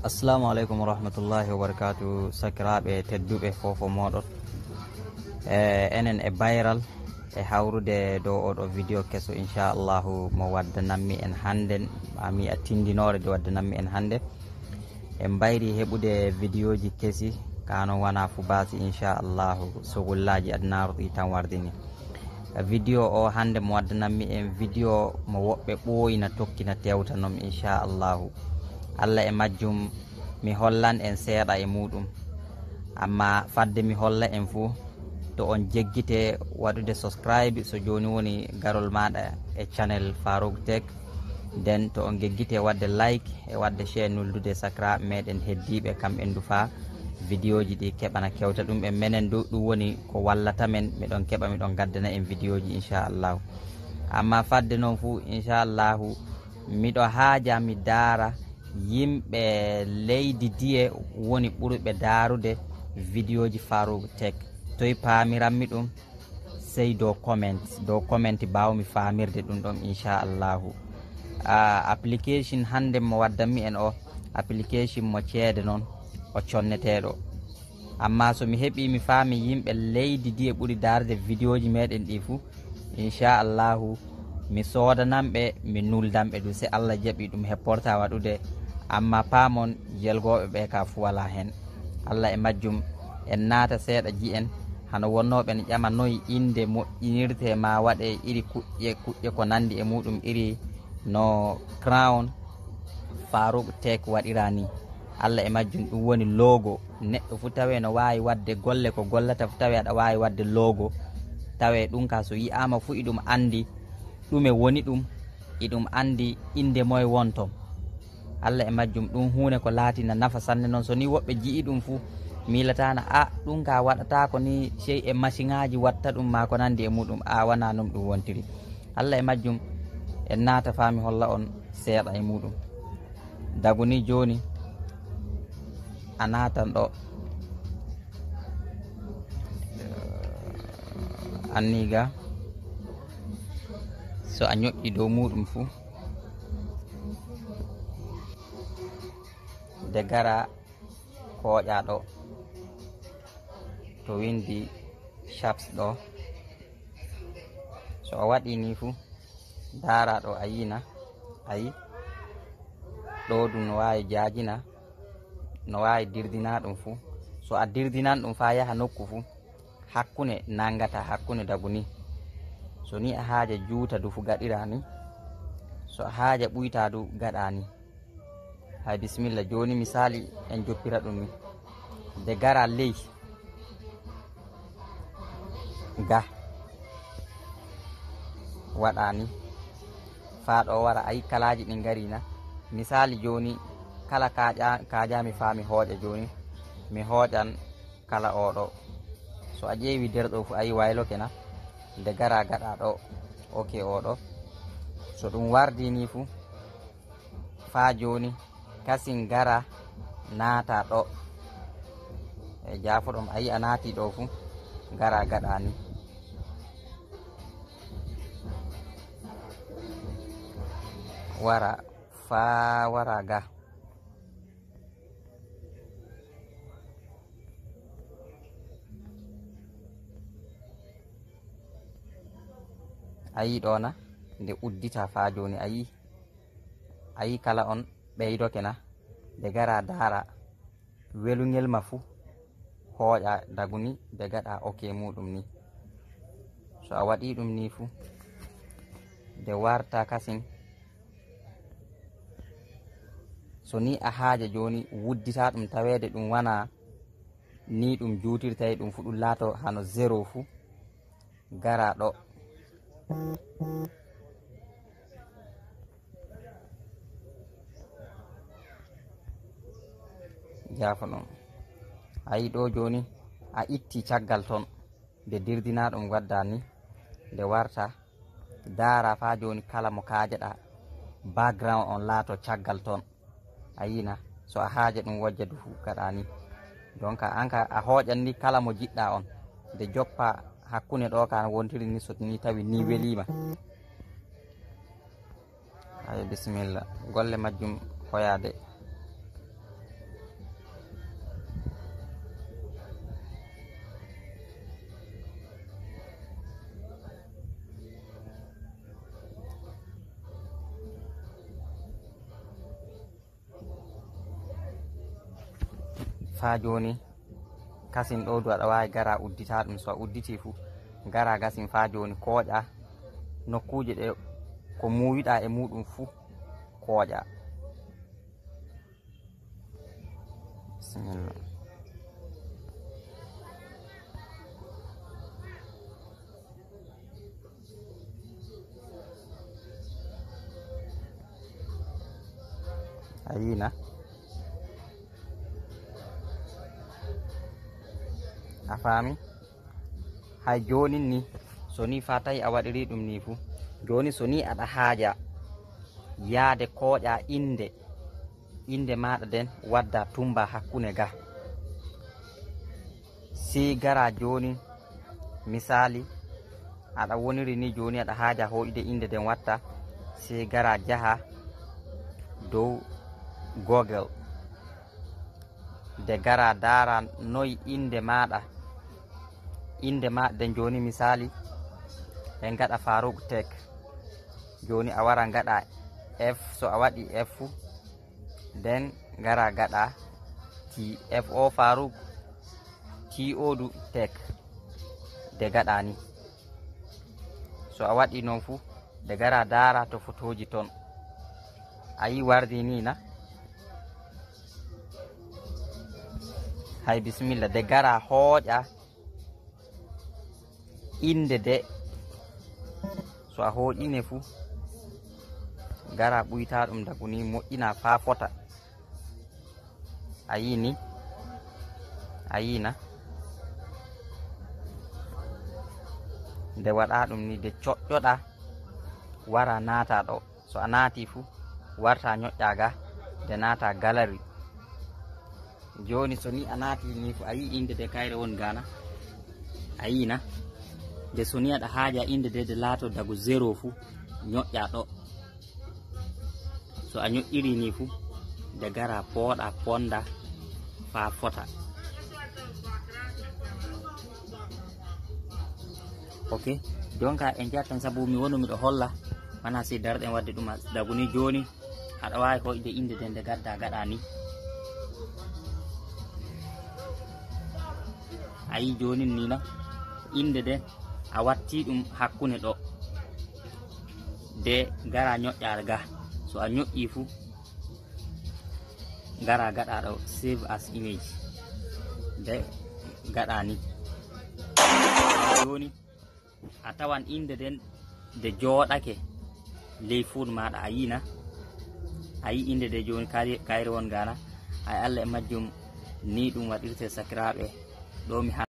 assalamu aleykum warahmatullahi wabarakatu sakiraɓe tedduɓe fofo moɗon e, enen e bayral e hawrude dow oɗo vidéo keso inchallahu mo waddanammi en hande mami a tindinore de waddanammi en hande en mbayri heɓude vidéo ji kesi kano wona fo basi inchallahu sogullaji adnaruɗi tan wardini vidéo o hande mo waddanammi en vidéo mo woɓɓe ɓooyina tokkina tewtanom inchallahu allah e majjum mi hollan en seeɗa e muɗum amma fadde mi holla en fuu to on jeggite waɗude subscribe so joni woni garol maɗa e channel farouk tek nden to on geggite wadde like e wadde chaine nuldude sacrabe meɗen heddiɓe kam en du fa vidéo ji ɗi keɓana kewta ɗum e menen do ɗum woni ko wallatamen miɗon keɓa miɗon gaddana en vidéo ji inchallahu amma fadde noon fuu inchallahu miɗo haaja mi daara yimɓe leydi diye woni ɓurɓe darude vidéo ji farou tech toye pamiranmi ɗum sey dow comment dow comment bawmi famirde ɗum ɗon inchallahu application hande mo waddanmi en o application mo ceede noon o conneteɗo amma somi heeɓi mi faami yimɓe leydi diye ɓuuri darde vidéo ji meɗen ɗi fou inchallahu mi sodananɓe mi nuldanɓe ɗum se allah jaaɓi ɗum he porta waɗude amma paamon yelgoɓe ɓe ka fu wala hen allah e majjum en naata seeɗa ji en hano wonnoɓen ƴama noyi inde moƴƴinirte ma waɗe iri kuƴƴe kuƴƴe ko nandi e muɗum iri no crown farouk tek waɗira ni allah e majjum ɗum woni loogo neɗɗo fu tawe no wawi wadde golle ko gollata fu tawe aɗa wawi wadde loogo tawe ɗum ka so yiyama fu iɗum e andi ɗume woni ɗum iɗum e andi inde moye wonton allah e majjum ɗum hunde ko laatina nafa sanne noon so ni woɓɓe jii ɗum fuu milatana a ah, ɗum ka waɗata ko ni sey e machine aji watta ɗum ma ko nandi e muɗum a ah, wana num ɗum wontiri allah e majjum en naata faami holla on seeɗa e muɗum dagu ni joni a natan ɗo anniga so a ñoƴƴi dow muɗum fuu de gara koƴa ɗo to windi shaps ɗo so a waɗi ni fu dara ɗo a yina ayi ɗo ɗum no wawi jajina no wawi dirdina ɗum fu so a dirdinan ɗum fa yaha nokku fu hakkune nangata hakkune dagu ni so ni a haaja juuta du fu gaɗira ni so a haaja ɓuyta du gaɗa ni hay bisimilla joni misali en joppira ɗumni nde gara ley ga waɗani faɗo wara ayi kalaji ɗin garina misali joni kala kajami fa mi hooƴa joni mi hooƴan kala oɗo so a ƴeewi nder ɗo fo ayi wayloke na nde gara gaɗa ɗo oke oɗo so ɗum wardini fu fa joni gara nata ɗo e jafo ɗum a yi a fu gara gaɗa ni wara fa wara ga a yi ɗona nde uddita fa joni a ayi kala on ɓeydokena ɓe gara daara welugel ma fuu hooƴa daguni ɓe gaɗa oke muɗum ni so a waɗi ɗum ni fuu de warta kasin so ni a haaje jooni wuddita ɗum taweede ɗum wana ni ɗum juutirtay ɗum fuu ɗum laato hano zero fuu gara ɗo mm -hmm. jafa ɗum a yi ɗo joni a itti caggal ton nde dirdina ɗum gadda ni nde warta dara fa joni kala mo kajeɗa background on laato caggal ton a yina so a haaje ɗum wojja du fugaɗa ni donc anka a hooƴan ni kala mo jiɗɗa on nde joppa hakkunde ɗo ka wontiri ni soni tawi ni welima ayo bisimilla golle majjum hoyade fa joni kasin ɗo du aɗa wawi gara uddita ɗum so a udditi fu gara gasin fa joni kooƴa nokkuje ɗe ko muwiɗa e muɗum fu kooƴa bisimilla ayina a faami hay joni ni so ni fa tawi a waɗiri ɗum ni fuu joni so ni aɗa haaja yaade kooƴa inde inde maɗa nden wadda tumba hakkunde ga si gara joni misali aɗa woniri ni joni aɗa haaja hoƴude inde nden watta si gara jaha dow google de gara dara noyi inde maɗa inde maɗe joni misali e gaɗa farouk tek joni a wara gaɗa f so a waɗi f nden gara gaɗa t f o farouk t o du tek de gaɗani so a waɗi noon fu de gara dara to fotoji toon a yi wardi ni na hay bisimilla de gara hooƴa inde de so a hoƴine fuu gara ɓuyta ɗum daguni moƴƴina fa fota a yini a yina nde waɗa ɗum ni de coƴƴoɗa wara naata ɗo so a naati fuu warta ñoƴƴaga de naata galari joni so ni a naati ni fu a yi inde de kayre won gana a yina nde soniyaɗa haaja inde de de laato dago zéro fuu ñoƴƴa ɗo so a ñoƴƴiri ni fuu nde gara pooɗa ponda faa fota ok donc en jattan sabu mi wonu miɗo holla wona si darɗen wadde ɗum dago ni jooni aɗa wawi hoyde inde de nde gadda gaɗa ni ayi jonin nina inde de a watti ɗum hakkunde ɗo de gara ñoƴƴal ga so a ñoƴƴi fu gara gaɗa ɗo save as image de gaɗa ni joni a tawan inde nden de jooɗake ley fod maɗa a yina a yi inde de joni kayre won gana ay allah e majjum ni ɗum waɗirte sakiraɓe ɗomi